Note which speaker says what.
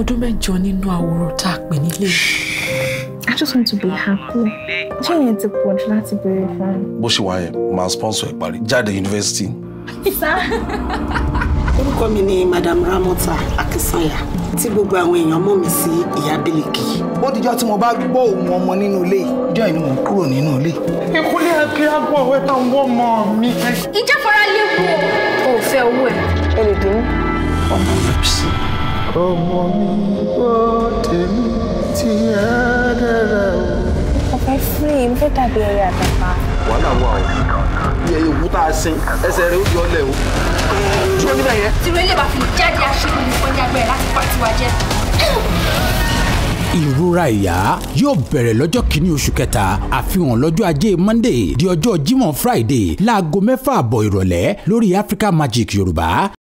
Speaker 1: ọdún mẹ́jọ nínú àwòrò tá a pè nílé. I just want to be happy. Ṣé yẹn ti pọ̀ jù láti béèrè fún mi?
Speaker 2: Bó ṣe wà yẹn, màá sponsor ẹ̀ parí. Jáde yunifásitì.
Speaker 3: Orúkọ mi ni Madam Ramota Akínsànyà tí gbogbo àwọn èèyàn mọ̀ mí sí ìyá Bílíkì. Ó dijọ́ tí mo bá gbọ́ òun ọmọ nínú ilé, ìjọ́ ìní mò ń kúrò nínú ilé. Ìkúlé ẹ̀kí
Speaker 1: àgbọ̀ ọ̀wẹ́ tán wọ́n mọ̀ mi.
Speaker 4: Ìjẹ́fọ́ra léwu o, ò fẹ́
Speaker 1: owó ẹ̀. Ẹ lè dín ọmọ rẹ̀ sí ọmọ mi ó tèmi ti ẹ dẹrẹ o. mo fẹ́ fúlẹ̀ mo dàbí ẹyẹ àtàpá.
Speaker 5: wàhálà wà o bí ẹyẹ tá a sin ẹsẹ̀ rẹ̀ ó yọ ọ́ lẹ̀ o. dúró níbẹ̀
Speaker 4: yẹn. tìrẹ lè bá fi jáde aṣẹ́gun ní fọ́njà gbẹ̀rẹ̀ láti pa tiwa jẹ.
Speaker 6: Ìrora ìyá yóò bẹ̀rẹ̀ lọ́jọ́ kìíní oṣù kẹta àfihàn lọ́jọ́ ajé Monday di ọjọ́ Jímọ̀ Friday láago mẹ́fà àbọ̀ ìrọ̀lẹ́ lórí Africa Magic Yorùbá.